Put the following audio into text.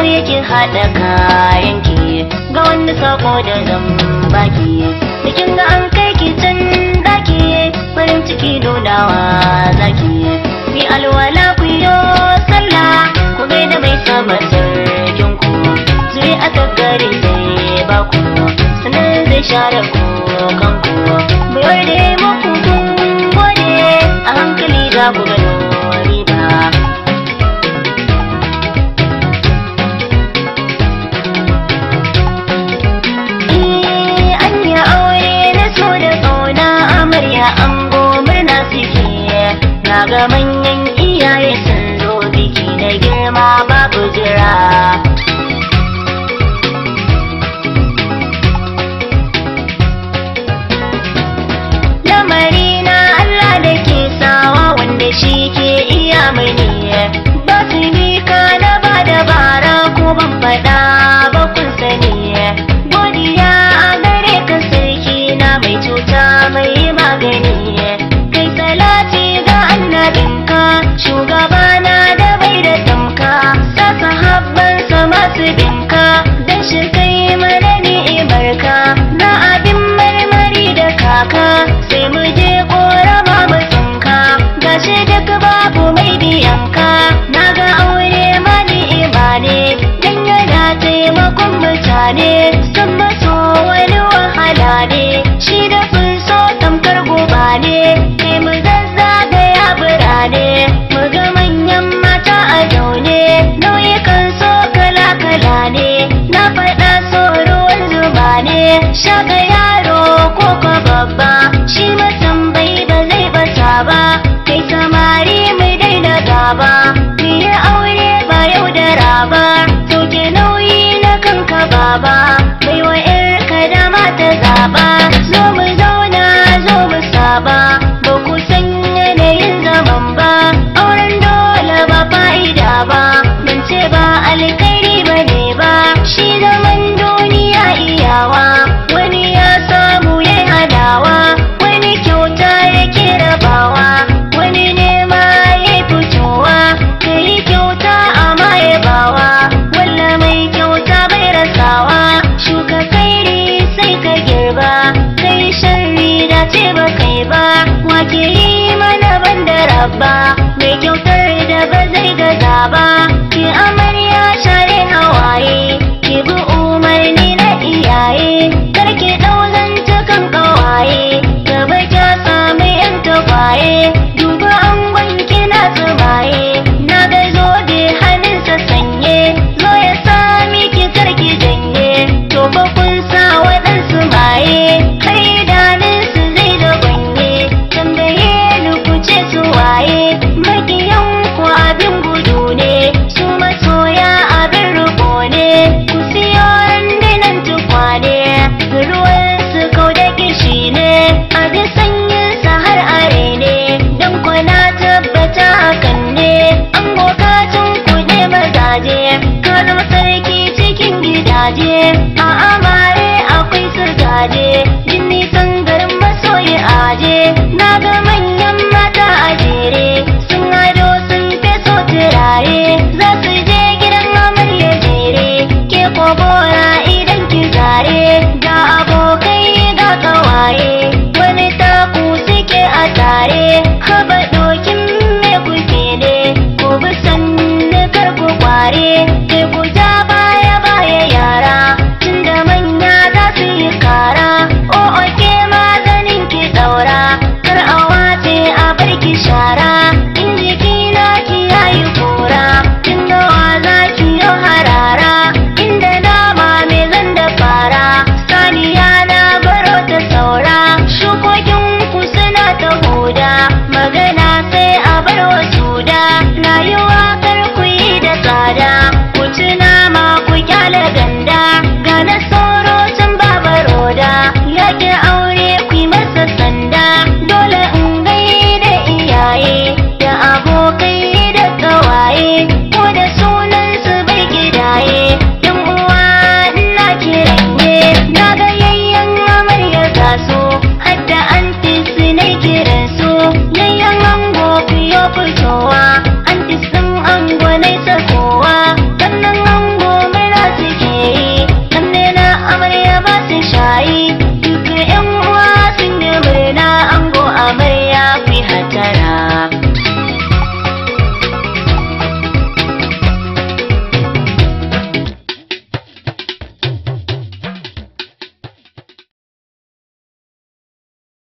kare ki haɗa kayan ki ga wani sako da zan baki da kin ga an kai ki can daki farin ciki nunawa zaki mi alwala ku yo sallah ku ga da mai sama sarkin ku zuri a gari sai ba ku sanar zai share ku kanku bayar da muku kun gode a hankali za ku gani. manyan iyaye sun zo biki na girma babu jira lamari na Allah da ke sawa wanda shi ke iya mani ba su ni ka na ba dabara ko ban faɗa ne san maso wani wahala ne shi da sun so tamkar goba ne ke mu zazzagaya birane mu ga manyan mata a zaune nauyukan so kala kala ne na faɗa so ruwan zuba ne shaka yaro ko ka babba baba baiwa 'yarka dama ta zaba zo mu zauna zo mu saba ke yi eh, mana banda rabba mai kyautar da ba zai gaza ba mazaje sarki cikin gidaje A amare akwai surgaje jini nisan garin masoyi aje Na ga manyan mata a jere Sun ado sun feso turare Za su je gidan mamar ya jere Ke kogora idan ki zare Ga abokai ga kawaye Wani taku suke a tare